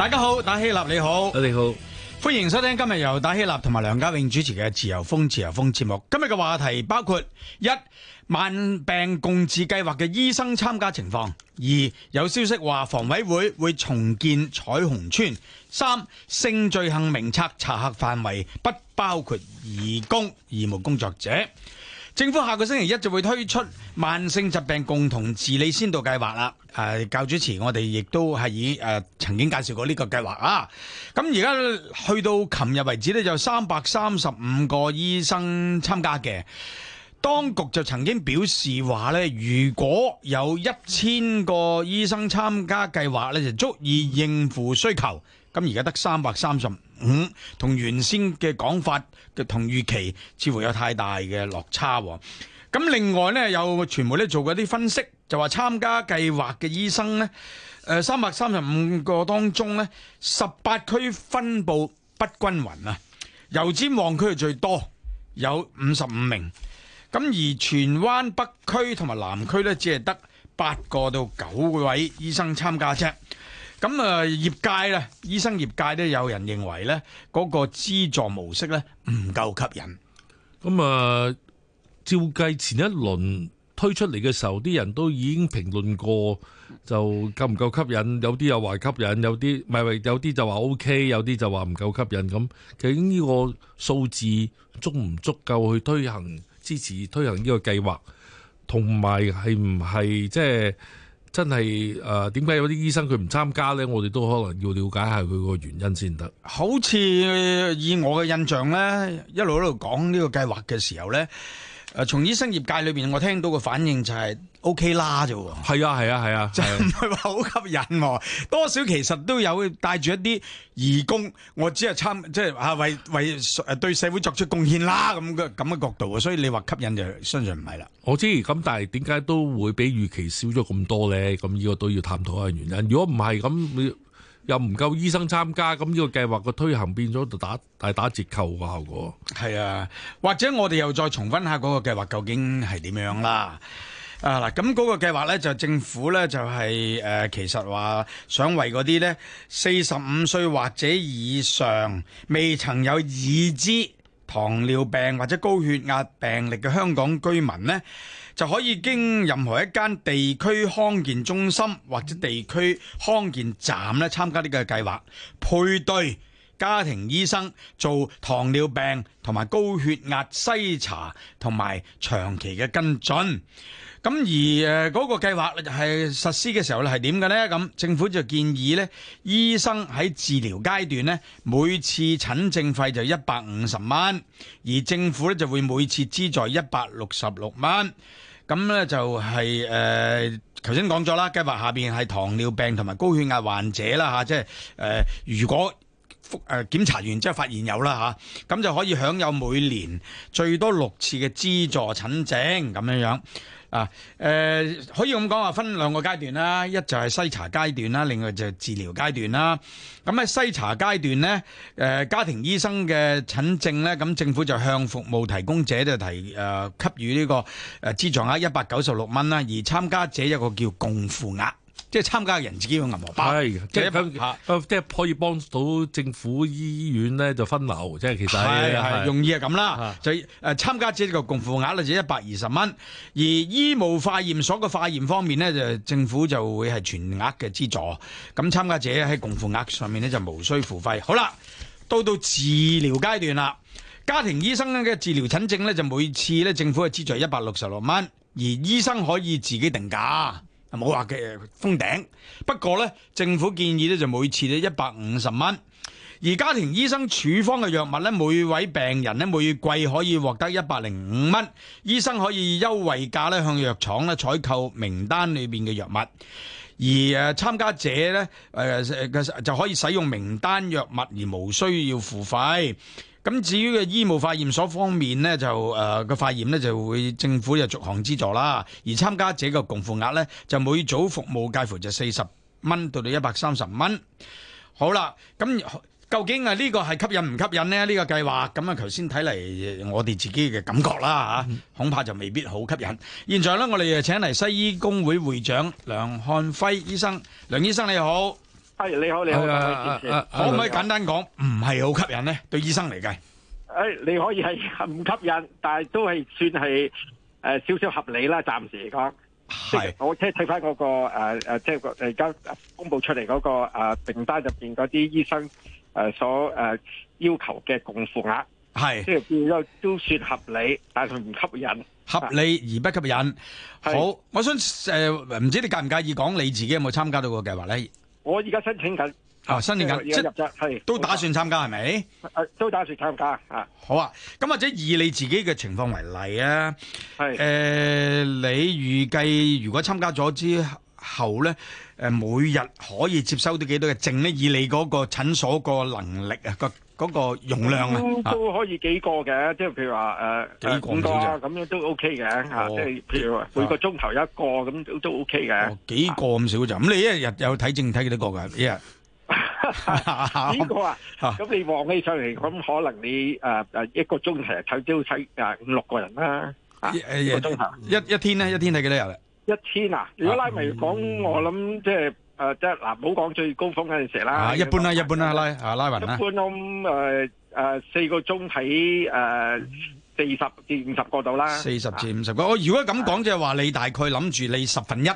大家好，打希立你好，你好，歡迎收聽今日由打希立同埋梁家永主持嘅自由風自由風節目。今日嘅話題包括：一、慢病共治計劃嘅醫生參加情況；二、有消息話房委會會重建彩虹村；三、性罪行名冊查核範圍不包括義工、義務工作者。政府下個星期一就會推出慢性疾病共同治理先導計劃啦。誒、呃，教主持，我哋亦都係以誒、呃、曾經介紹過呢個計劃啊。咁而家去到琴日為止呢，就三百三十五個醫生參加嘅。當局就曾經表示話呢，如果有一千個醫生參加計劃呢，就足以應付需求。咁而家得三百三十。五同原先嘅講法嘅同預期，似乎有太大嘅落差。咁另外呢，有傳媒呢做過啲分析，就話參加計劃嘅醫生呢，三百三十五個當中呢，十八區分布不均匀啊，油尖旺區係最多，有五十五名。咁而荃灣北區同埋南區呢，只係得八個到九個位醫生參加啫。咁啊，業界咧，醫生業界都有人認為呢嗰、嗰個資助模式呢唔夠吸引。咁啊，照計前一輪推出嚟嘅時候，啲人都已經評論過，就夠唔夠吸引？有啲又話吸引，有啲唔係，有啲就話 OK，有啲就話唔夠吸引。咁究竟呢個數字足唔足夠去推行支持推行呢個計劃？同埋係唔係即係？即係真係，誒，點解有啲醫生佢唔參加呢？我哋都可能要了解下佢個原因先得。好似以我嘅印象呢，一路喺度講呢個計劃嘅時候呢。誒從醫生業界裏邊我聽到個反應就係 OK 啦啫，啊，係啊係啊係啊，啊，就唔係話好吸引，啊，多少其實都有帶住一啲義工，我只係參即係為為為對社會作出貢獻啦咁嘅咁嘅角度啊，所以你話吸引就相信唔係啦。我知，咁但係點解都會比預期少咗咁多咧？咁呢個都要探討下原因。如果唔係咁，又唔夠醫生參加，咁呢個計劃個推行變咗就打大打折扣個效果。係啊，或者我哋又再重分下嗰個計劃究竟係點樣啦？啊嗱，咁嗰個計劃呢，就政府呢，就係、是呃、其實話想為嗰啲呢四十五歲或者以上未曾有已知糖尿病或者高血壓病歷嘅香港居民呢，就可以經任何一間地區康健中心或者地區康健站咧，參加呢個計劃，配對家庭醫生做糖尿病同埋高血壓篩查同埋長期嘅跟進。咁而誒嗰個計劃係實施嘅時候咧，係點嘅呢？咁政府就建議呢，醫生喺治療階段咧，每次診症費就一百五十蚊，而政府咧就會每次資助一百六十六蚊。咁呢就係、是、誒，頭先講咗啦，計劃下面係糖尿病同埋高血壓患者啦嚇，即係誒、呃，如果。誒檢查完之後發現有啦吓，咁就可以享有每年最多六次嘅資助診症，咁樣樣啊、呃、可以咁講話分兩個階段啦，一就係篩查階段啦，另外就係治療階段啦。咁喺篩查階段呢，誒、呃、家庭醫生嘅診症呢，咁政府就向服務提供者就提誒、呃、給予呢個誒資助額一百九十六蚊啦，而參加者有一個叫共付額。即係參加嘅人自己用銀河包，即係，就是，可以幫到政府醫院咧就分流，即係其實係容易係咁啦。就誒參加者個共付額就一百二十蚊，而醫務化驗所嘅化驗方面呢，就政府就會係全額嘅資助。咁參加者喺共付額上面呢就無需付費。好啦，到到治療階段啦，家庭醫生嘅治療診症呢，就每次咧政府係資助一百六十六蚊，而醫生可以自己定價。冇話嘅封頂，不過呢政府建議呢就每次呢一百五十蚊。而家庭醫生處方嘅藥物呢每位病人呢每季可以獲得一百零五蚊，醫生可以以優惠價呢向藥廠呢採購名單裏面嘅藥物，而誒參加者呢誒就可以使用名單藥物而無需要付費。咁至於嘅醫務化驗所方面咧，就誒個化驗咧就會政府有逐項資助啦，而參加者嘅共付額咧就每組服務介乎就四十蚊到到一百三十蚊。好啦，咁究竟啊呢個係吸引唔吸引咧？呢個計劃，咁啊頭先睇嚟我哋自己嘅感覺啦嚇，恐怕就未必好吸引。現在咧，我哋誒請嚟西醫工會會長梁漢輝醫生，梁醫生你好。係你好，你好，uh, uh, uh, 你線線可唔可以簡單講唔係好吸引咧？對醫生嚟計，誒，你可以係唔吸引，但係都係算係誒少少合理啦。暫、呃、時嚟講，係、就是、我即係睇翻嗰個誒誒，即係而家公布出嚟嗰、那個誒訂、呃、單入邊嗰啲醫生誒、呃、所誒要求嘅共付額，係即係變咗都算合理，但係佢唔吸引，合理而不吸引。好，我想誒唔、呃、知你介唔介意講你自己有冇參加到個計劃咧？我而家申請緊，啊申請緊，就是、入係都打算參加，係咪？都打算參加，啊，算參加啊！好啊，咁或者以你自己嘅情況為例啊，呃、你預計如果參加咗之後咧，每日可以接收到幾多嘅症咧？以你嗰個診所個能力啊，個。嗰個容量啊，都都可以幾個嘅，即係譬如話誒五個啊，咁樣都 OK 嘅嚇，即係譬如話每個鐘頭一個咁都都 OK 嘅。幾個咁少就咁？你一日有睇症睇幾多個㗎？一日幾個啊？咁你望起上嚟，咁可能你誒誒一個鐘頭睇都要睇誒五六個人啦。誒一個鐘頭一一天咧，一天睇幾多日咧？一天啊，如果拉埋講，我諗即係。誒，即係嗱，唔好講最高峰嗰陣時啦。啊，一般啦，一般啦，拉啊，拉勻啦。一般咯，咁誒誒，四個鐘喺誒四十至五十個度啦。四十至五十個，我如果咁講，就係話你大概諗住你十分一，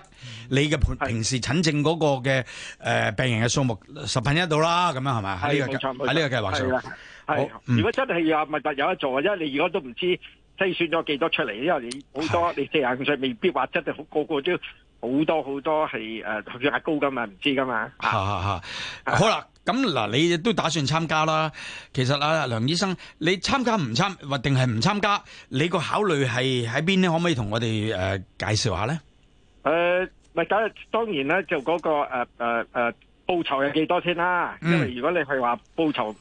你嘅平時診症嗰個嘅誒病人嘅數目，十分一度啦，咁樣係咪？喺呢個，喺呢個計劃上。係，如果真係又唔係特有一座，因為你如果都唔知。計算咗幾多出嚟？因為你好多，你四廿五歲未必話，真係好個個都好多好多係誒、呃，好似阿高咁啊，唔知噶嘛。好啦，咁嗱，你都打算參加啦。其實啊，梁醫生，你參加唔參或定係唔參加，你個考慮係喺邊呢？可唔可以同我哋誒介紹下咧？誒，咪梗係當然啦，就嗰、那個誒誒誒報酬有幾多先啦、嗯？因為如果你係話報酬。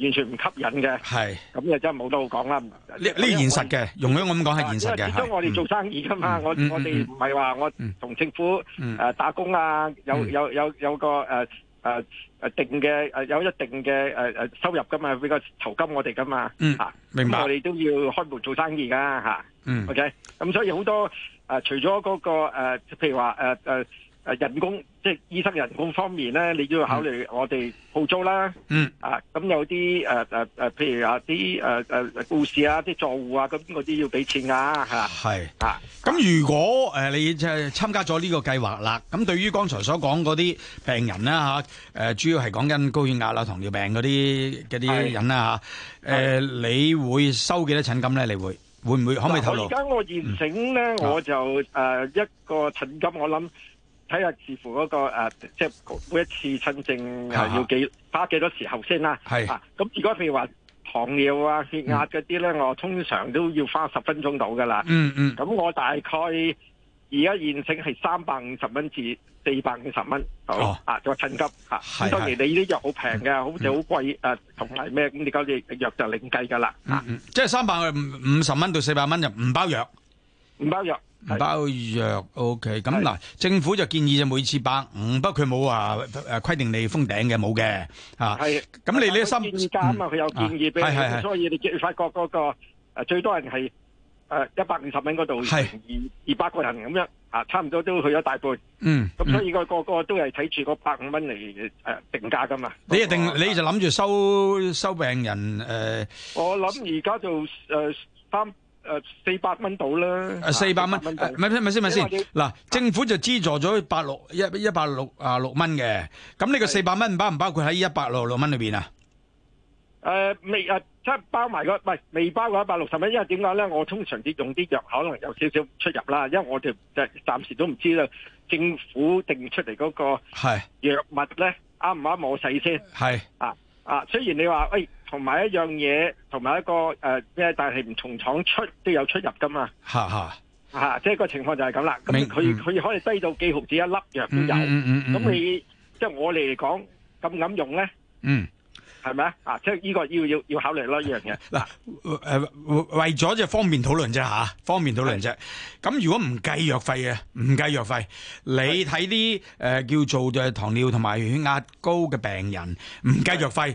完全唔吸引嘅，係咁就真係冇得好講啦。呢呢現實嘅，容許我咁講係現實嘅。因為點解我哋做生意㗎嘛？我我哋唔係話我同政府誒打工啊，有有有有個誒誒誒定嘅誒，有一定嘅誒誒收入㗎嘛，畀個酬金我哋㗎嘛。嚇，明白。我哋都要開門做生意㗎嚇。嗯。OK。咁所以好多誒，除咗嗰個誒，譬如話誒誒。誒，人工即係醫生人工方面咧你都要考慮我哋鋪租啦，嗯啊。咁有啲誒誒誒，譬如啊啲誒誒護士啊、啲助護啊，咁嗰啲要俾錢噶係啊，係啊。咁如果誒你即係參加咗呢個計劃啦，咁對於剛才所講嗰啲病人啦吓，誒主要係講緊高血壓啦、糖尿病嗰啲嗰啲人啦吓，誒你會收幾多診金咧你會會唔會可唔可以透露？而家我現整咧我就誒一個診金，我諗。睇下視乎嗰、那個、啊、即係每一次親症、啊、要幾花幾多時候先啦。啊，咁如果譬如話糖尿啊、血壓嗰啲咧，我通常都要花十分鐘到噶啦。嗯嗯，咁我大概而家現成係三百五十蚊至四百五十蚊，好、哦、啊，做親急嚇、啊。當然你啲藥好平嘅，好似好貴誒同埋咩，咁、嗯啊、你嗰啲藥就另計噶啦、嗯嗯啊。即係三百五十蚊到四百蚊就唔包藥，唔包藥。包藥 OK，咁嗱，政府就建議就每次百五，嗯，不過佢冇話誒規定你封頂嘅冇嘅吓，咁、啊、你呢心你建，啊嗯、建議啊嘛，佢有建議俾，所以你發覺嗰個誒最多人係誒一百五十蚊嗰度，二二百個人咁樣吓、啊，差唔多都去咗大半，嗯，咁所以個個個都係睇住個百五蚊嚟誒定價噶嘛，你定啊定你就諗住收收病人誒、呃，我諗而家就誒三。呃 3, 誒、呃，四百蚊到啦。誒、啊，四百蚊，咪咪先咪先。嗱、啊啊，政府就資助咗八六一一百六啊六蚊嘅。咁你個四百蚊包唔包括喺一百六六蚊裏邊啊？誒、呃，未誒，即、啊、係包埋個，唔係未包過一百六十蚊。因為點解咧？我通常啲用啲藥，可能有少少出入啦。因為我哋就暫時都唔知道政府定出嚟嗰個藥物咧啱唔啱我使先？係啊啊！雖然你話誒。哎同埋一樣嘢，同埋一個誒咩、呃？但係唔同廠出都有出入噶嘛？嚇嚇嚇！即係個情況就係咁啦。咁佢佢可以低到幾毫子一粒藥都有。咁你即係我哋嚟講咁咁用咧？嗯，係咪、嗯嗯、啊，啊？啊！即係呢個要要要考慮咯，一樣嘢。嗱誒，為咗就方便討論啫嚇、啊，方便討論啫。咁如果唔計藥費嘅，唔計藥費，你睇啲誒叫做嘅糖尿同埋血壓高嘅病人，唔計藥費。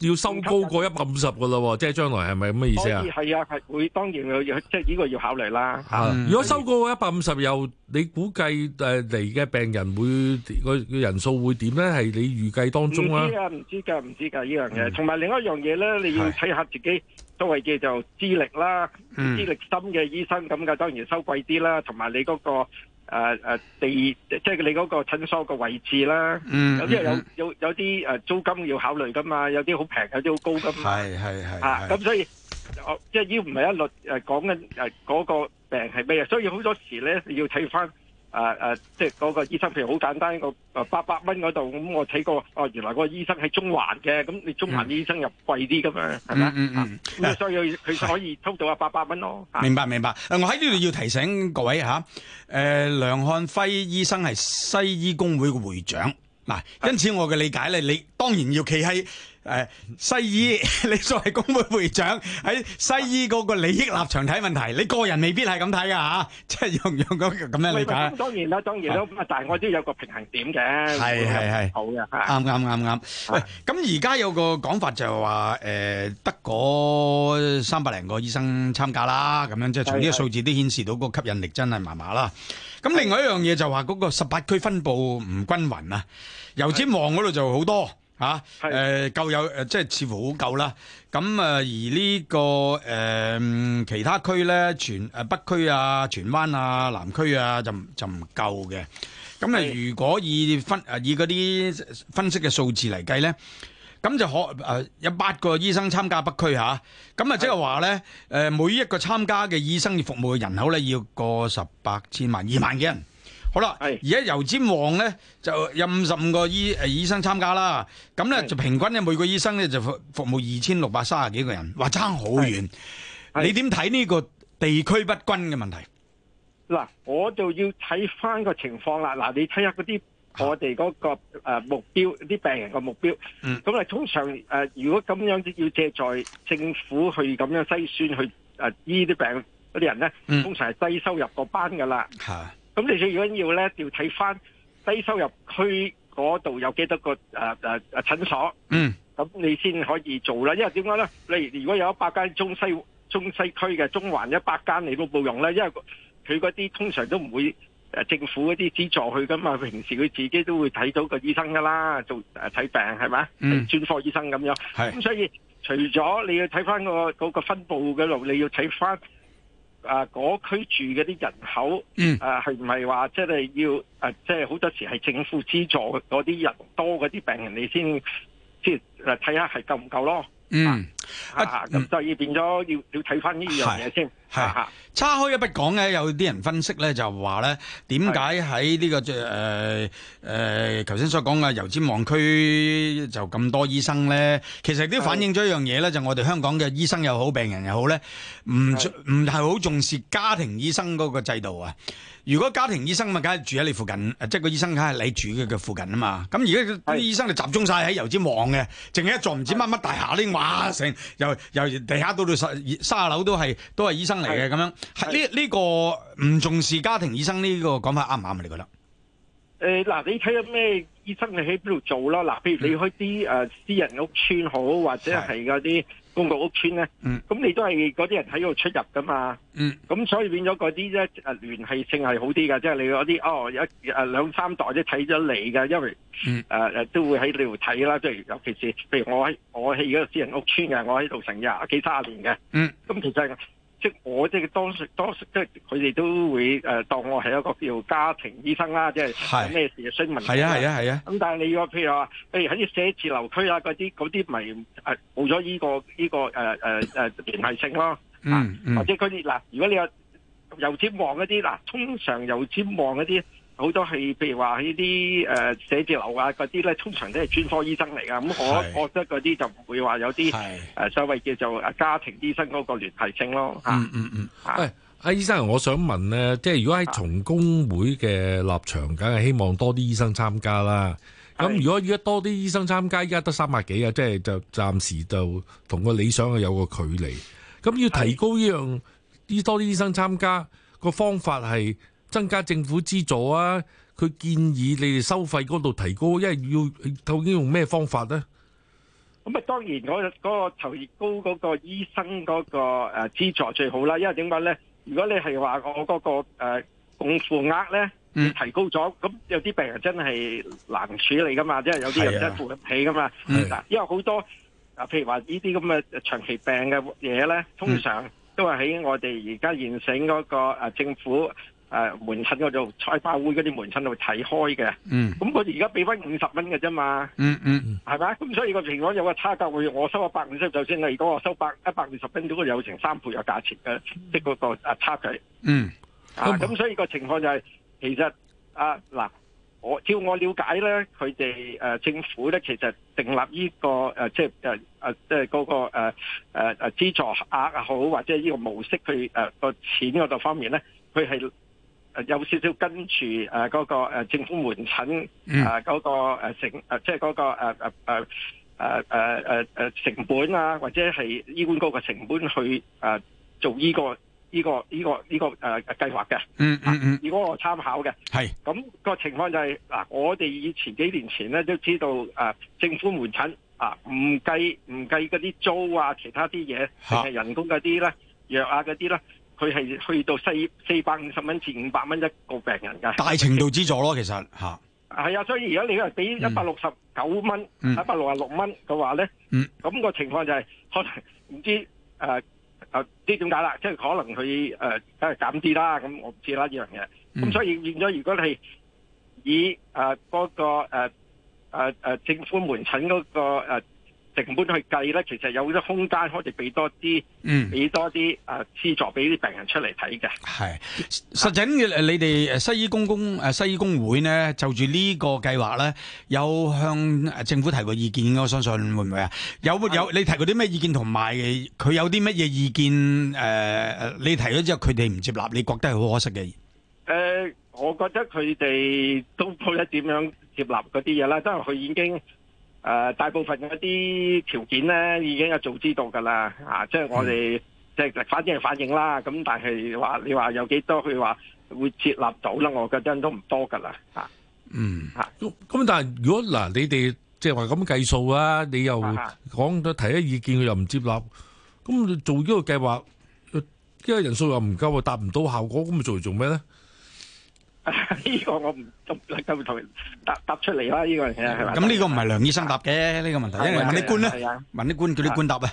要收高過一百五十個啦，即係將來係咪咁嘅意思啊？可以係啊，係會當然要即係呢個要考慮啦。如果收高過一百五十，又你估計誒嚟嘅病人會個人數會點咧？係你預計當中啊？唔知噶，唔知噶，唔知噶呢樣嘢。同埋另一樣嘢咧，你要睇下自己都係叫做資歷啦，資歷深嘅醫生咁嘅，當然收貴啲啦。同埋你嗰個。誒、啊、誒、啊，地即係你嗰個診所個位置啦、嗯嗯，有啲有有有啲誒租金要考慮噶嘛，有啲好平，有啲好高噶嘛，咁、啊、所以我、啊、即係要唔係一律誒講緊誒嗰個病係咩啊，所以好多時咧你要睇翻。啊啊！即係嗰個醫生，譬如好簡單一個八百蚊嗰度，咁我睇過，哦、啊、原來個醫生喺中環嘅，咁你中環醫生又貴啲噶嘛，係、嗯、咪、嗯嗯嗯、啊？咁所以佢可以抽到啊八百蚊咯。明白明白。誒，我喺呢度要提醒各位嚇，誒、啊呃、梁漢輝醫生係西醫工會嘅會長嗱、啊，因此我嘅理解咧，你當然要企喺。誒，西醫，你作為工會會長喺西醫嗰個利益立場睇問題，你個人未必係咁睇噶吓，即係樣樣咁咁樣理解。當然啦，當然啦，咁啊，但係我都要有個平衡點嘅。係係係，好嘅，啱啱啱啱。喂，咁而家有個講法就話，誒，得嗰三百零個醫生參加啦，咁樣即係從呢個數字都顯示到嗰個吸引力真係麻麻啦。咁另外一樣嘢就話嗰個十八區分布唔均勻啊，油尖旺嗰度就好多。嚇、啊，夠、呃、有即係似乎好夠啦。咁啊、呃，而呢、這個誒、呃、其他區咧，荃誒北區啊、荃灣啊、南區啊，就就唔夠嘅。咁啊、呃，如果以分以嗰啲分析嘅數字嚟計咧，咁就可誒、呃、有八個醫生參加北區下，咁啊，即係話咧，每一個參加嘅醫生要服務嘅人口咧，要過十八千萬二萬幾人。好啦，而家油尖旺咧就有五十五個醫誒醫生參加啦，咁咧就平均咧每個醫生咧就服服務二千六百三十幾個人，話差好遠。你點睇呢個地區不均嘅問題？嗱，我就要睇返個情況啦。嗱，你睇下嗰啲我哋嗰個誒目標，啲病人個目標，咁啊、嗯、通常誒、呃、如果咁樣要借助政府去咁樣篩選去誒醫啲病嗰啲人咧，通常係低收入個班噶啦。嗯咁你最緊要咧，要睇翻，低收入區嗰度有幾多個誒誒誒診所，嗯，咁你先可以做啦。因為點解咧？你如果有一百間中西中西區嘅中環一百間，你都冇用啦。因為佢嗰啲通常都唔會誒政府嗰啲資助去噶嘛，平時佢自己都會睇到個醫生噶啦，做誒睇、啊、病係咪？專、嗯、科醫生咁樣，係。咁所以除咗你要睇翻、嗰個嗰、嗰個分布嘅路，你要睇翻。啊，嗰區住嗰啲人口，啊，係唔係話即係要啊，即係好多時係政府資助嗰啲人多嗰啲病人，你先啊，即係睇下係夠唔夠咯？啊、嗯。啊，咁、啊、所以變咗要要睇翻呢樣嘢先。係啊，岔開一筆講嘅，有啲人分析咧就話咧，點解喺呢個誒誒，頭先、呃呃、所講嘅油尖旺區就咁多醫生咧？其實都反映咗一樣嘢咧，就是、我哋香港嘅醫生又好，病人又好咧，唔唔係好重視家庭醫生嗰個制度啊。如果家庭醫生嘛，梗係住喺你附近，即係個醫生梗係你住嘅嘅附近啊嘛。咁而家啲醫生就集中晒喺油尖旺嘅，淨係一座唔知乜乜大廈咧，哇由由地下到到三十樓都係都係醫生嚟嘅咁樣，係呢，呢個唔重視家庭醫生呢個講法啱唔啱啊？你覺得？誒，嗱，你睇下咩醫生你喺邊度做啦？嗱、呃，譬如你去啲誒私人屋邨好，或者係嗰啲。公共屋邨咧，咁你都係嗰啲人喺度出入噶嘛，咁所以變咗嗰啲咧，啊聯繫性係好啲嘅，即係你嗰啲哦，有一兩三代都睇咗你嘅，因為誒誒都會喺呢度睇啦，即係尤其是譬如我喺我喺嗰個私人屋邨嘅，我喺度成廿幾卅年嘅，咁其實。我即係多數多即佢哋都會誒、呃、當我係一個叫家庭醫生啦，即係有咩事嘅詢問。啊啊啊！咁、啊啊啊、但係你要話譬如話，譬如喺啲、哎、寫字樓區啊，嗰啲嗰啲咪誒冇咗依個依、這個、呃呃、聯繫性咯，啊嗯嗯、或者佢哋，嗱，如果你有油尖旺嗰啲嗱，通常油尖旺嗰啲。好多係譬如話呢啲誒寫字樓啊嗰啲咧，通常都係專科醫生嚟噶。咁我，我覺得嗰啲就唔會話有啲誒、啊、所謂叫做家庭醫生嗰個聯繫性咯。嗯嗯嗯。誒、嗯，阿、哎啊、醫生，我想問咧，即係如果喺從工會嘅立場，梗係希望多啲醫生參加啦。咁如果而家多啲醫生參加，而家得三百幾啊，即係就暫時就同個理想有個距離。咁要提高呢樣，依多啲醫生參加、嗰個方法係。增加政府資助啊！佢建議你哋收費嗰度提高，因為要究竟用咩方法咧？咁啊，當然嗰個嗰個酬高嗰個醫生嗰個誒資助最好啦。因為點解咧？如果你係話我嗰個誒共付額咧，提高咗，咁有啲病人真係難處理噶嘛，即係有啲人真係負不起噶嘛。嗱，因為好多啊，譬如話呢啲咁嘅長期病嘅嘢咧，通常都係喺我哋而家現成嗰個誒政府。誒、啊，門診嗰度菜花會嗰啲門診度睇開嘅，嗯，咁佢而家俾翻五十蚊嘅啫嘛，嗯嗯，嗯係咪咁，所以個情況有個差價會，我收一百五十，就先啦，如果我收百一百二十蚊，咁佢有成三倍嘅價錢嘅，即係嗰個差價，嗯，咁、就是，嗯啊、所以個情況就係、是、其實啊嗱，我照我了解咧，佢哋誒政府咧，其實訂立呢、這個誒、呃、即係誒誒即係嗰、呃那個誒誒誒資助額啊，好或者呢個模式佢誒、呃、個錢嗰度方面咧，佢係。有少少跟住誒嗰個政府門診、嗯、啊嗰、嗰個成誒即係嗰個誒誒誒誒誒誒成本啊，或者係醫管局嘅成本去誒、啊、做呢、依個依、依個依、依個依個誒計劃嘅。嗯嗯嗯、啊，如果我參考嘅，係咁、嗰個情況就係、是、嗱、啊，我哋以前幾年前咧都知道誒、啊、政府門診啊，唔計唔計嗰啲租啊，其他啲嘢，係、啊、人工嗰啲咧，藥啊嗰啲咧。佢係去到四四百五十蚊，至五百蚊一個病人噶大程度資助咯，其實吓。係啊、嗯，所以如果你係俾一百六十九蚊、一百六十六蚊嘅話咧，咁、嗯，那個情況就係、是、可能唔知誒誒、啊啊，唔知點解啦，即、就、係、是、可能佢誒誒梗係減啲啦，咁、啊、我唔知啦，呢樣嘢咁、嗯、所以變咗，如果你是以誒嗰、啊，那個誒誒誒政府門診嗰、那個誒。啊成本去計咧，其實有好多空間可以俾多啲，俾、嗯、多啲誒、啊、資助俾啲病人出嚟睇嘅。係實質嘅，你哋西醫公公誒、啊、西醫公會咧，就住呢個計劃咧，有向政府提過意見嘅，我相信會唔會啊？有冇有你提過啲咩意見？同埋佢有啲乜嘢意見？誒、呃，你提咗之後，佢哋唔接納，你覺得係好可惜嘅。誒、呃，我覺得佢哋都冇得點樣接納嗰啲嘢啦，因為佢已經。誒大部分嗰啲條件咧已經係早知道㗎啦，啊！即係我哋即係反正係反應啦，咁但係話你話有幾多佢話會接納到啦？我覺得都唔多㗎啦，嚇，嗯嚇。咁但係如果嗱，你哋即係話咁計數啊，你又講咗提咗意見佢又唔接納，咁你做呢個計劃，因為人數又唔夠，達唔到效果，咁咪做嚟做咩咧？ 呢個我唔都嚟跟答答出嚟啦、啊！依、呢個係呢個唔係梁醫生答嘅呢、啊呢個問題，因為問啲官啦、啊，問啲官、啊問你官啊、叫你官答啊！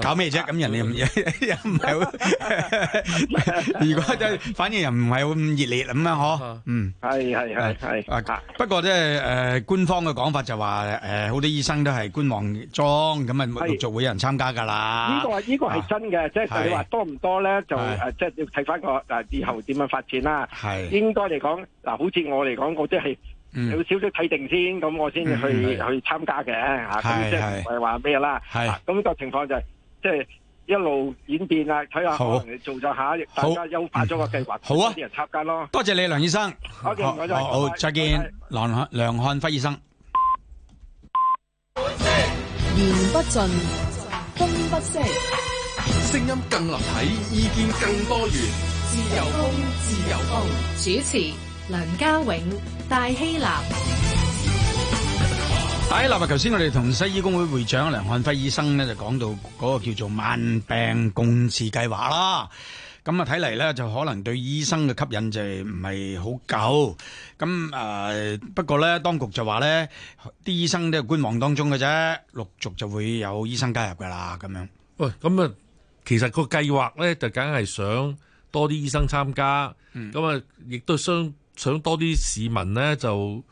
搞咩啫？咁人哋又唔又唔係好， 如果就，反而又唔係好咁熱烈咁樣嗬。Terrace, 嗯，係係係係。是是是是啊、不過咧，誒、呃，官方嘅講法就話，誒、呃啊啊啊，好多醫生都係觀望中，咁啊陸續會有人參加噶啦。呢個呢個係真嘅，即係你話多唔多咧？就誒，即係要睇翻個誒以後點樣發展啦。係應該嚟講，嗱，好似我嚟講，我即係。嗯、有少少睇定先，咁我先去、嗯、去參加嘅，吓咁即係唔係話咩啦，咁呢、啊呢個情況就係即係一路演變啦，睇下可能做咗下好，大家優化咗個計劃，好啊，啲人參加咯。多謝你，梁醫生。好，再見，再再見，再見，梁梁漢輝醫生。言不盡。梁家永、戴希南，戴希立。頭先我哋同西醫工會會長梁漢輝醫生咧就講到嗰個叫做慢病共治計劃啦。咁啊睇嚟咧就可能對醫生嘅吸引就唔係好夠。咁誒，不過咧當局就話咧啲醫生都係觀望當中嘅啫，陸續就會有醫生加入噶啦。咁樣。喂，咁啊，其實個計劃咧就梗係想多啲醫生參加。咁啊，亦都相。想多啲市民咧就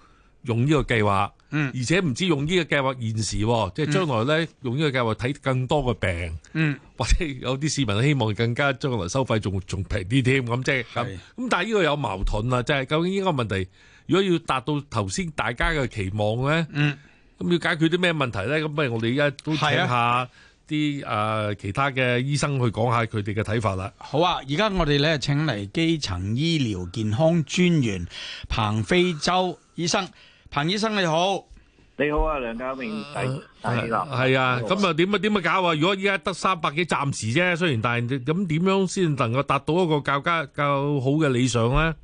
用呢個計劃，嗯，而且唔知用呢個計劃現時，哦，嗯、即係將來咧用呢個計劃睇更多嘅病，嗯，或者有啲市民希望更加將來收費仲仲平啲添，咁即係咁。咁的但係呢個有矛盾啊，即係究竟呢個問題，如果要達到頭先大家嘅期望咧，嗯，咁要解決啲咩問題咧？咁不如我哋而家都睇下。啲誒其他嘅醫生去講下佢哋嘅睇法啦。好啊，而家我哋咧請嚟基層醫療健康專員彭飛舟醫生。彭醫生你好，你好啊，梁家明。係係啦，係啊。咁、這個、啊點、這個、啊點樣搞啊？如果依家得三百幾暫時啫，雖然但係咁點樣先能夠達到一個較加較好嘅理想咧？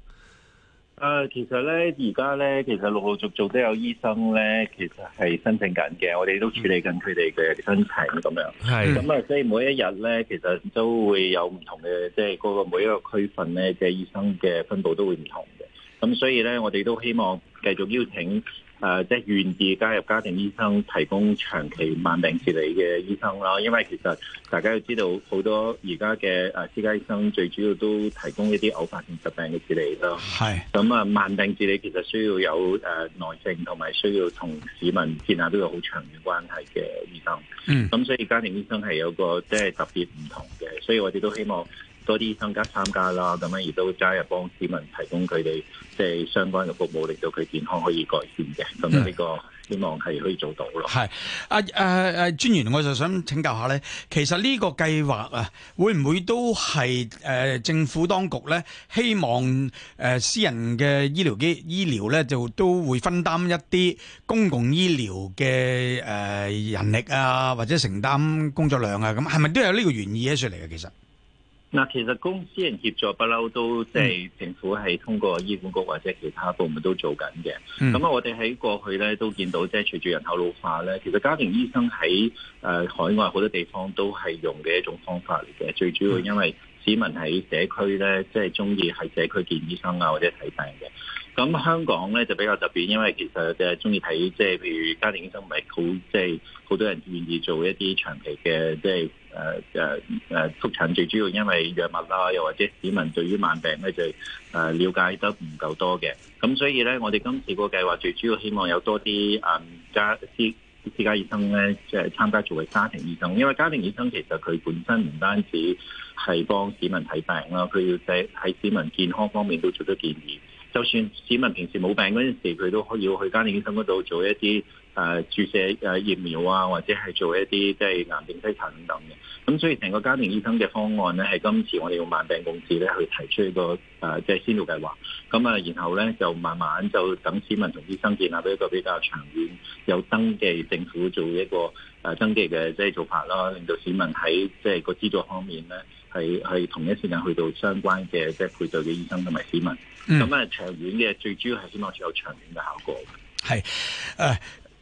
啊、呃，其實咧，而家咧，其實陸陸續續都有醫生咧，其實係申請緊嘅，我哋都處理緊佢哋嘅申請咁樣。係。咁、嗯、啊，即、嗯、係每一日咧，其實都會有唔同嘅，即係嗰個每一個區份咧嘅醫生嘅分佈都會唔同嘅。咁所以咧，我哋都希望繼續邀請。誒、呃，即係願意加入家庭醫生提供長期慢病治理嘅醫生啦。因為其實大家要知道，好多而家嘅誒私家醫生最主要都提供一啲偶發性疾病嘅治理咯。係。咁啊，慢病治理其實需要有耐性，同埋需要同市民建立都有好長遠關係嘅醫生。嗯。咁所以家庭醫生係有個即係、就是、特別唔同嘅，所以我哋都希望。多啲商家參加啦，咁樣亦都加入幫市民提供佢哋即係相關嘅服務，令到佢健康可以改善嘅。咁樣呢個希望係可以做到咯。係啊，誒、呃、誒，專員，我就想請教下咧，其實呢個計劃啊，會唔會都係誒、呃、政府當局咧希望誒、呃、私人嘅醫療機醫療咧，就都會分擔一啲公共醫療嘅誒、呃、人力啊，或者承擔工作量啊，咁係咪都有呢個原意喺出嚟嘅？其實？嗱，其實公私人協助不嬲，都即係政府係通過醫管局或者其他部門都做緊嘅。咁啊，我哋喺過去咧都見到，即係隨住人口老化咧，其實家庭醫生喺誒海外好多地方都係用嘅一種方法嚟嘅。最主要因為市民喺社區咧，即係中意喺社區見醫生啊，或者睇病嘅。咁香港咧就比較特別，因為其實誒中意睇即係譬如家庭醫生唔係好，即係好多人願意做一啲長期嘅即係。誒誒誒復診最主要因為藥物啦，又或者市民對於慢病咧就誒瞭解得唔夠多嘅，咁所以咧我哋今次個計劃最主要希望有多啲誒家私私家醫生咧，即係參加作為家庭醫生，因為家庭醫生其實佢本身唔單止係幫市民睇病啦，佢要在喺市民健康方面都做出建議，就算市民平時冇病嗰陣時，佢都可以去家庭醫生嗰度做一啲。誒注射誒疫苗啊，或者係做一啲即係癌症篩查等等嘅。咁所以成個家庭醫生嘅方案咧，係今次我哋用慢病共治咧去提出一個誒，即、啊、係、就是、先導計劃。咁啊，然後咧就慢慢就等市民同醫生建立一個比較長遠有登記政府做一個誒、啊、登記嘅即係做法啦，令到市民喺即係個資助方面咧係係同一時間去到相關嘅即係配對嘅醫生同埋市民。咁啊，嗯、長遠嘅最主要係希望有長遠嘅效果。係誒。Uh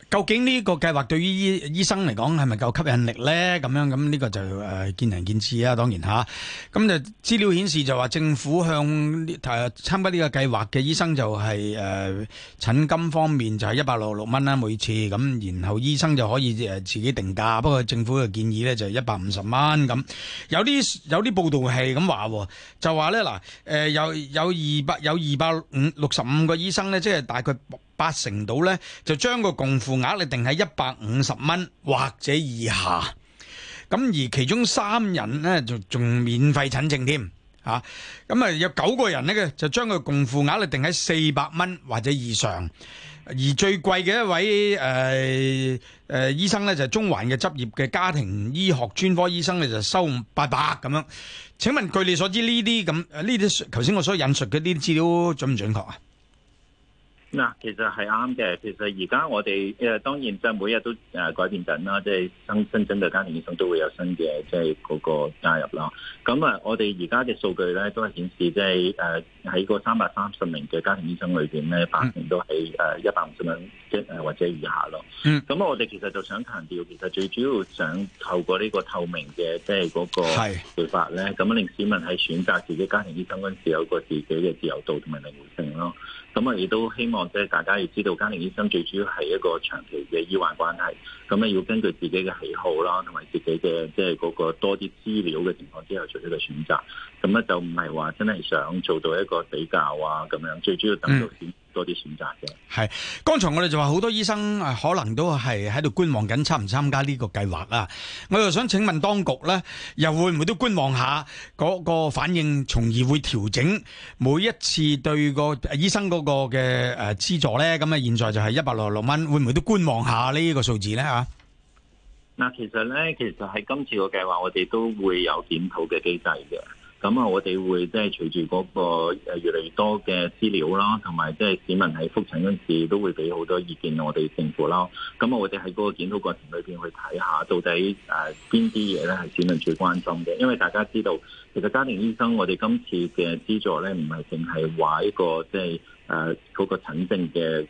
究竟呢個計劃對於醫醫生嚟講係咪夠吸引力呢？咁樣咁呢、這個就誒、呃、見仁見智啊，當然吓。咁、啊、就資料顯示就話政府向誒、呃、參加呢個計劃嘅醫生就係、是、誒、呃、診金方面就係一百六十六蚊啦每次，咁然後醫生就可以自己定價，不過政府嘅建議呢就係一百五十蚊咁。有啲有啲報道係咁話，就話呢嗱，誒、呃、有有二百有二百五六十五個醫生呢，即、就、係、是、大概。八成度呢，就將個共付額呢定喺一百五十蚊或者以下。咁而其中三人呢，就仲免費診症添。吓咁，啊，有九個人呢，就將個共付額定喺四百蚊或者以上。而最貴嘅一位誒誒、呃呃、醫生呢，就係、中環嘅執業嘅家庭醫學專科醫生呢，就收八百咁樣。請問據你所知呢啲咁呢啲頭先我所引述嘅呢啲資料準唔準確啊？嗱，其實係啱嘅。其實而家我哋誒當然就每日都誒改變緊啦，即係新新增嘅家庭醫生都會有新嘅即係嗰個加入啦。咁啊，我哋而家嘅數據咧都係顯示，即係誒喺個三百三十名嘅家庭醫生裏邊咧，八成都喺誒一百五十蚊即係或者以下咯。咁、嗯、我哋其實就想強調，其實最主要想透過呢個透明嘅即係嗰個做法咧，咁令市民喺選擇自己家庭醫生嗰陣時有個自己嘅自由度同埋靈活性咯。咁啊，亦都希望即係大家要知道，家庭醫生最主要係一個長期嘅醫患關係。咁你要根據自己嘅喜好啦，同埋自己嘅即係嗰個多啲資料嘅情況之後，做一個選擇。咁咧就唔係話真係想做到一個比較啊咁樣，最主要等到。點？多啲選擇嘅，係剛才我哋就話好多醫生可能都係喺度觀望緊，參唔參加呢個計劃啦。我又想請問當局咧，又會唔會都觀望下嗰個反應，從而會調整每一次對個醫生嗰個嘅誒資助咧？咁啊，現在就係一百六十六蚊，會唔會都觀望下呢個數字咧？嚇？嗱，其實咧，其實喺今次個計劃，我哋都會有檢討嘅機制嘅。咁啊，我哋會即係隨住嗰個越嚟越多嘅資料啦，同埋即係市民喺覆診嗰陣時，都會俾好多意見我哋政府咯。咁啊，我哋喺嗰個檢討過程裏邊去睇下，到底誒邊啲嘢咧係市民最關心嘅。因為大家知道，其實家庭醫生我哋今次嘅資助咧，唔係淨係話一個即係。誒、呃、嗰、那個診症嘅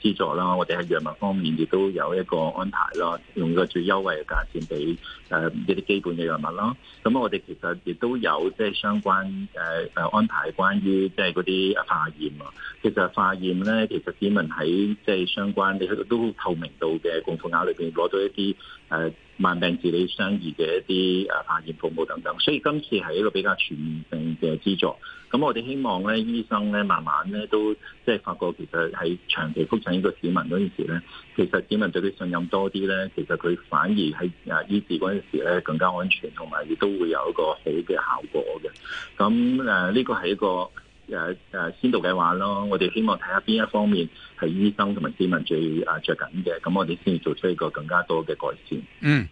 誒資助啦，我哋喺藥物方面亦都有一個安排咯，用個最優惠嘅價錢俾誒一啲基本嘅藥物咯。咁我哋其實亦都有即係相關誒誒、呃、安排，關於即係嗰啲化驗啊。其實化驗咧，其實市民喺即係相關嘅都透明度嘅共同額裏邊攞到一啲誒。呃慢病治理相宜嘅一啲啊，化驗服務等等，所以今次係一個比較全面性嘅資助。咁我哋希望咧，醫生咧，慢慢咧都即係發覺，其實喺長期覆診呢個市民嗰陣時咧，其實市民對佢信任多啲咧，其實佢反而喺啊醫治嗰陣時咧更加安全，同埋亦都會有一個好嘅效果嘅。咁誒，呢個係一個。誒誒，先導計劃咯，我哋希望睇下邊一方面係醫生同埋市民最誒着緊嘅，咁我哋先要做出一個更加多嘅改善。嗯，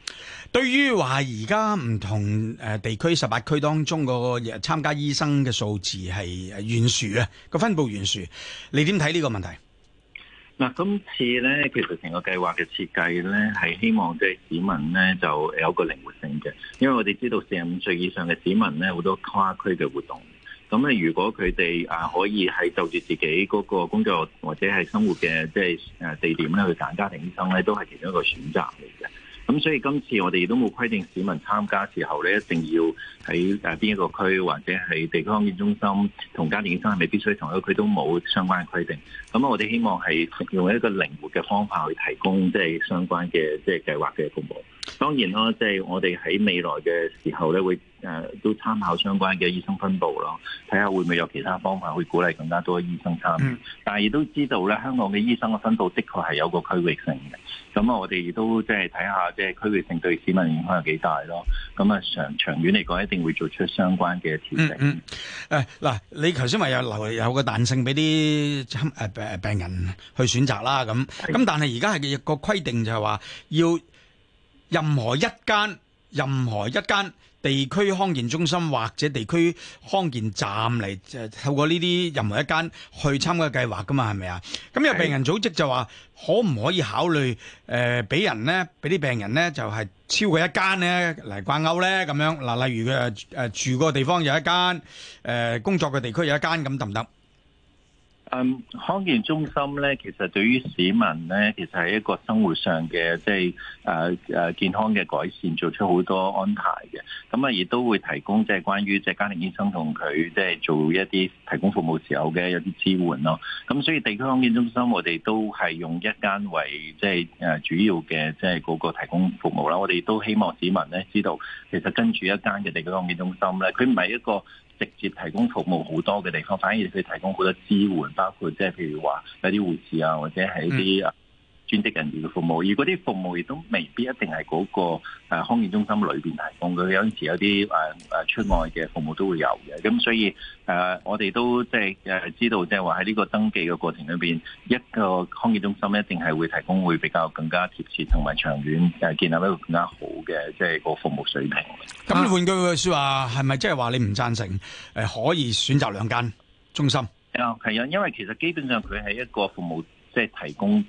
對於話而家唔同誒地區十八區當中個參加醫生嘅數字係懸殊啊，個分布懸殊，你點睇呢個問題？嗱，今次咧，其實成個計劃嘅設計咧，係希望即係市民咧就有個靈活性嘅，因為我哋知道四十五歲以上嘅市民咧，好多跨區嘅活動。咁咧，如果佢哋啊可以喺就住自己嗰個工作或者係生活嘅即係地點咧，去揀家庭醫生咧，都係其中一個選擇嚟嘅。咁所以今次我哋亦都冇規定市民參加時候咧，一定要喺誒邊一個區或者喺地區康健中心同家庭醫生係咪必須同一個區，都冇相關嘅規定。咁我哋希望係用一個靈活嘅方法去提供，即係相關嘅即係計劃嘅服務。當然咯，即係我哋喺未來嘅時候咧，會誒、呃、都參考相關嘅醫生分佈咯，睇下會唔會有其他方法去鼓勵更加多嘅醫生參與。嗯、但係亦都知道咧，香港嘅醫生嘅分佈的確係有個區域性嘅。咁啊，我哋亦都即係睇下，即係區域性對市民影響有幾大咯。咁啊，長長遠嚟講，一定會做出相關嘅調整。嗯嗯。嗱、啊，你頭先話有留有個彈性俾啲參誒誒病人去選擇啦。咁咁、嗯，但係而家嘅個規定就係話，要任何一間。任何一間地區康健中心或者地區康健站嚟，透過呢啲任何一間去參加計劃㗎嘛，係咪啊？咁有病人組織就話，可唔可以考慮誒俾、呃、人咧，俾啲病人咧，就係、是、超過一間咧嚟掛鈎咧，咁樣嗱，例如佢住個地方有一間、呃，工作嘅地區有一間，咁得唔得？嗯，康健中心咧，其實對於市民咧，其實係一個生活上嘅，即係誒誒健康嘅改善，做出好多安排嘅。咁啊，亦都會提供即係、就是、關於即係家庭醫生同佢即係做一啲提供服務時候嘅一啲支援咯。咁、啊、所以地區康健中心，我哋都係用一間為即係誒主要嘅，即、就、係、是、嗰個提供服務啦。我哋都希望市民咧知道，其實跟住一間嘅地區康健中心咧，佢唔係一個。直接提供服務好多嘅地方，反而佢提供好多支援，包括即係譬如話一啲護士啊，或者係一啲啊，嗯專職人員嘅服務，而嗰啲服務亦都未必一定係嗰個誒康健中心裏邊提供。佢有陣時有啲誒誒出外嘅服務都會有嘅。咁所以誒、啊、我哋都即係誒知道，即係話喺呢個登記嘅過程裏邊，一個康健中心一定係會提供會比較更加貼切同埋長遠誒、啊、建立一個更加好嘅即係個服務水平。咁、啊、換句說話，係咪即係話你唔贊成誒、啊、可以選擇兩間中心？啊、嗯，係啊，因為其實基本上佢係一個服務。即係提供誒誒、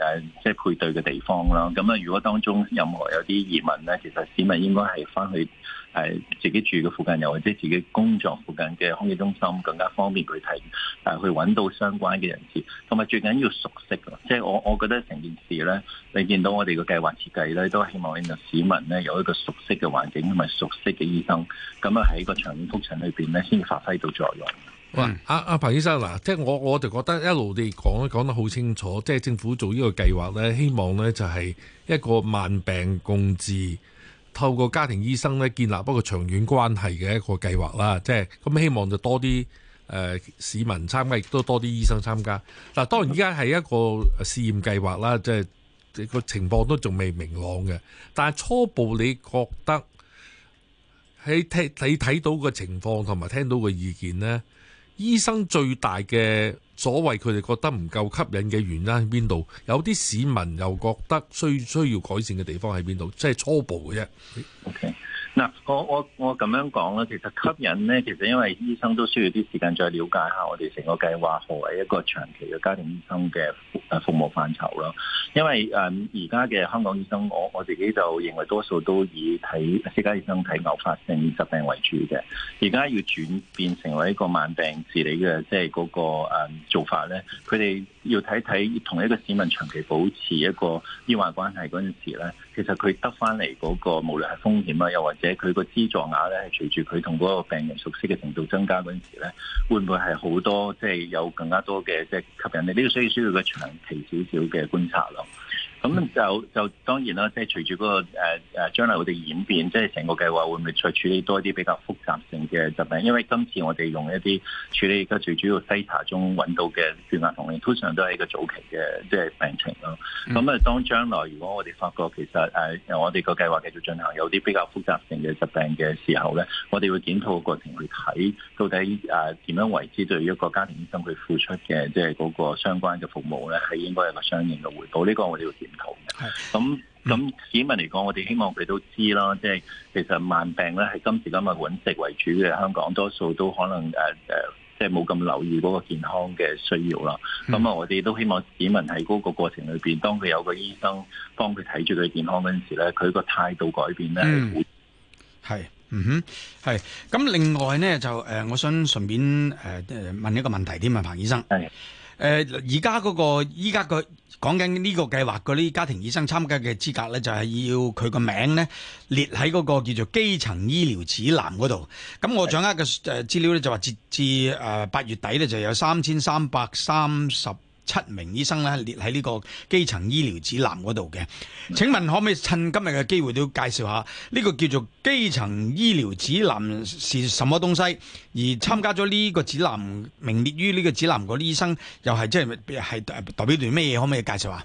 呃，即係配對嘅地方啦。咁啊，如果當中任何有啲疑問咧，其實市民應該係翻去誒自己住嘅附近，又或者自己工作附近嘅康健中心，更加方便佢睇，但去揾到相關嘅人士。同埋最緊要熟悉即係、就是、我我覺得成件事咧，你見到我哋嘅計劃設計咧，都希望令到市民咧有一個熟悉嘅環境，同埋熟悉嘅醫生。咁啊喺個長遠復診裏邊咧，先要發揮到作用。哇！阿、啊、阿彭醫生嗱，即係我我就覺得一路你講咧講得好清楚，即係政府做呢個計劃咧，希望咧就係一個慢病共治，透過家庭醫生咧建立一個長遠關係嘅一個計劃啦。即係咁希望就多啲誒、呃、市民參加，亦都多啲醫生參加。嗱，當然依家係一個試驗計劃啦，即係個情況都仲未明朗嘅。但係初步你覺得喺聽你睇到個情況同埋聽到個意見呢？醫生最大嘅所謂佢哋覺得唔夠吸引嘅原因喺邊度？有啲市民又覺得需需要改善嘅地方喺邊度？即係初步嘅啫。Okay. 嗱，我我我咁樣講啦，其實吸引咧，其實因為醫生都需要啲時間再了解一下我們整個計劃，我哋成個計劃何為一個長期嘅家庭醫生嘅誒服務範疇咯。因為誒而家嘅香港醫生，我我自己就認為多數都以睇私家醫生睇偶發性疾病為主嘅，而家要轉變成為一個慢病治理嘅，即係嗰個誒、嗯、做法咧，佢哋，要睇睇同一個市民長期保持一個醫患關係嗰陣時咧，其實佢得翻嚟嗰個無論係風險啊，又或者佢個資助額咧，係隨住佢同嗰個病人熟悉嘅程度增加嗰陣時咧，會唔會係好多即係、就是、有更加多嘅即係吸引力，呢個需要需要個長期少少嘅觀察咯。咁就就當然啦，即係隨住嗰、那個誒誒、啊啊啊、將來我哋演變，即係成個計劃會唔會再處理多啲比較複雜性嘅疾病？因為今次我哋用一啲處理而家最主要篩查中揾到嘅血壓同度，通常都係一個早期嘅即係病情咯。咁、嗯、啊，當將來如果我哋發覺其實誒、啊、由我哋個計劃繼續進行有啲比較複雜性嘅疾病嘅時候咧，我哋會檢討過程去睇到底誒點、啊、樣為之對於一個家庭醫生佢付出嘅即係嗰個相關嘅服務咧，係應該有個相應嘅回報。呢、這個我哋要。唔同嘅，咁、嗯、咁市民嚟講，我哋希望佢都知啦。即係其實慢病咧，係今時今日揾食為主嘅香港，多數都可能誒誒，即係冇咁留意嗰個健康嘅需要啦。咁、嗯、啊，我哋都希望市民喺嗰個過程裏邊，當佢有個醫生幫佢睇住佢健康嗰陣時咧，佢個態度改變咧係會係，嗯哼，係。咁另外咧就誒、呃，我想順便誒誒問一個問題添啊，彭醫生。誒而家嗰個依家個講緊呢個計劃嗰啲家庭醫生參加嘅資格咧，就係要佢個名咧列喺嗰個叫做基層醫療指南嗰度。咁我掌握嘅誒資料咧就話，截至誒八月底咧就有三千三百三十七名醫生咧列喺呢個基層醫療指南嗰度嘅，請問可唔可以趁今日嘅機會都介紹下呢個叫做基層醫療指南是什麼東西？而參加咗呢個指南名列於呢個指南嗰啲醫生，又係即係係代表段咩嘢？可唔可以介紹下？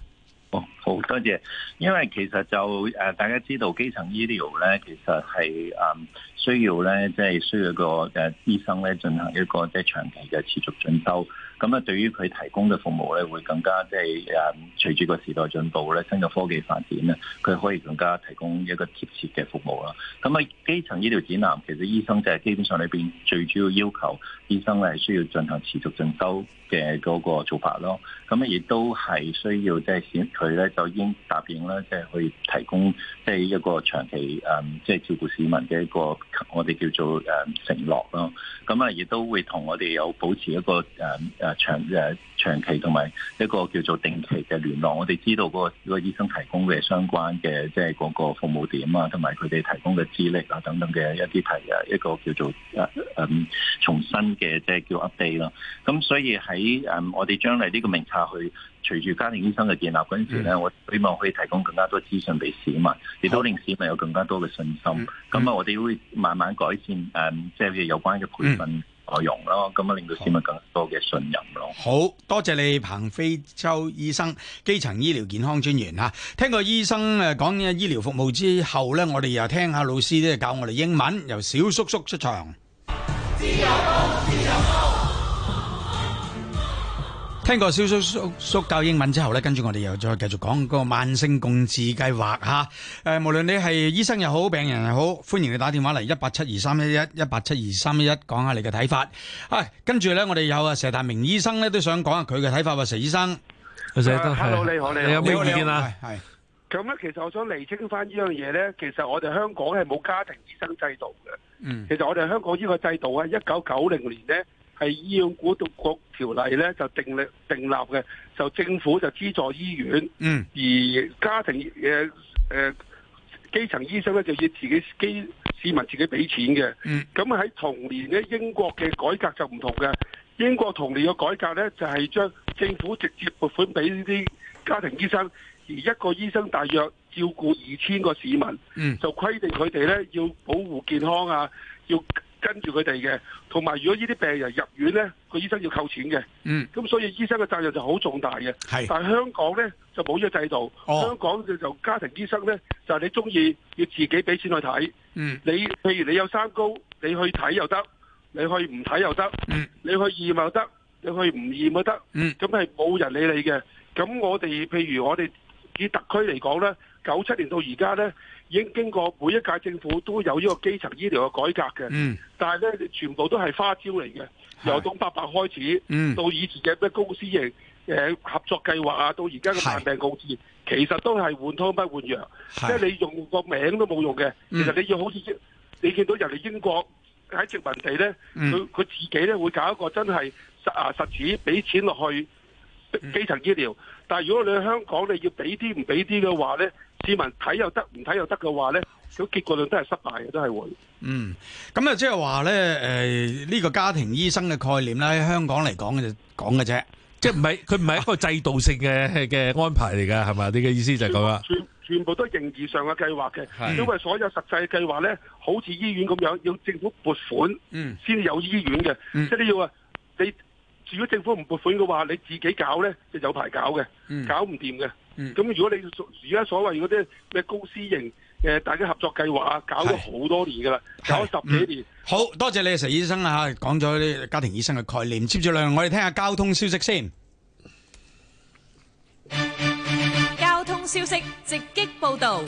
哦，好多謝，因為其實就誒、呃、大家知道基層醫療咧，其實係誒。嗯需要咧，即係需要個誒醫生咧進行一個即係長期嘅持續進修。咁啊，對於佢提供嘅服務咧，會更加即係誒隨住個時代進步咧，新嘅科技發展咧，佢可以更加提供一個貼切嘅服務啦。咁啊，基層醫療指南其實醫生就係基本上裏邊最主要要求醫生咧係需要進行持續進修嘅嗰個做法咯。咁啊，亦都係需要即係佢咧就應答應啦，即係去提供即係一個長期誒即係照顧市民嘅一個。我哋叫做誒承諾咯，咁啊亦都會同我哋有保持一個誒誒長。誒。長期同埋一個叫做定期嘅聯絡，我哋知道嗰個嗰個醫生提供嘅相關嘅即係嗰個服務點啊，同埋佢哋提供嘅資歷啊等等嘅一啲題啊，一個叫做誒嗯重新嘅即係叫 update 咯。咁所以喺誒、嗯、我哋將嚟呢個名冊去隨住家庭醫生嘅建立嗰陣時咧、嗯，我希望可以提供更加多資訊俾市民，亦都令市民有更加多嘅信心。咁啊，我哋會慢慢改善誒，即、嗯、係、就是、有關嘅培訓。嗯內容咯，咁啊令到市民更多嘅信任咯。好多謝你，彭飛舟醫生，基層醫療健康專員啊！聽過醫生誒講嘅醫療服務之後呢，我哋又聽下老師咧教我哋英文，由小叔叔出場。聽過蕭叔叔教英文之後咧，跟住我哋又再繼續講個慢病共治計劃吓。誒，無論你係醫生又好，病人又好，歡迎你打電話嚟一八七二三一一一八七二三一一，講下你嘅睇法。喂，跟住咧，我哋有啊，石大明醫生咧都想講下佢嘅睇法。阿石醫生，你好，你好，你好，你好。你有咩意見啊？係。咁咧，其實我想厘清返呢樣嘢咧，其實我哋香港係冇家庭醫生制度嘅。嗯。其實我哋香港呢個制度啊，一九九零年咧。係醫養股獨局條例咧就訂立訂立嘅，就政府就資助醫院，嗯，而家庭誒誒、呃、基層醫生咧就要自己基市民自己俾錢嘅，嗯，咁喺同年咧英國嘅改革就唔同嘅，英國同年嘅改革咧就係、是、將政府直接撥款俾呢啲家庭醫生，而一個醫生大約照顧二千個市民，嗯，就規定佢哋咧要保護健康啊，要。跟住佢哋嘅，同埋如果呢啲病人入院呢，個醫生要扣錢嘅。嗯，咁所以醫生嘅責任就好重大嘅。係，但係香港呢，就冇呢個制度，哦。香港就就家庭醫生呢，就係、你中意要自己俾錢去睇。嗯，你譬如你有三高，你去睇又得，你去唔睇又得，嗯。你去驗又得，你去唔驗都得。咁係冇人理你嘅。咁我哋譬如我哋以特區嚟講呢，九七年到而家呢。已經經過每一屆政府都有呢個基層醫療嘅改革嘅、嗯，但係咧全部都係花招嚟嘅，由董伯伯開始、嗯，到以前嘅咩公私營誒合作計劃啊，到而家嘅慢病共治，其實都係換湯不換藥，即係、就是、你用個名都冇用嘅。其實你要好似你見到人哋英國喺殖民地咧，佢、嗯、佢自己咧會搞一個真係實啊實質，俾錢落去基層醫療，但係如果你喺香港，你要俾啲唔俾啲嘅話咧。市民睇又得，唔睇又得嘅話咧，咁結果論都係失敗嘅，都係會。嗯，咁啊，即係話咧，誒，呢個家庭醫生嘅概念啦，喺香港嚟講就講嘅啫，即係唔係，佢唔係一個制度性嘅嘅安排嚟噶，係、啊、咪？你嘅意思就係咁啊？全全部都係形式上嘅計劃嘅，因為所有實際嘅計劃咧，好似醫院咁樣，要政府撥款才，嗯，先有醫院嘅，即係你要啊，你如果政府唔撥款嘅話，你自己搞咧，就有排搞嘅、嗯，搞唔掂嘅。咁、嗯、如果你而家所謂嗰啲咩公私營誒，大家合作計劃啊，搞咗好多年㗎喇，搞咗十幾年，嗯、好多謝你石醫生啊嚇，講咗啲家庭醫生嘅概念。接住嚟，我哋聽下交通消息先。交通消息直擊報導。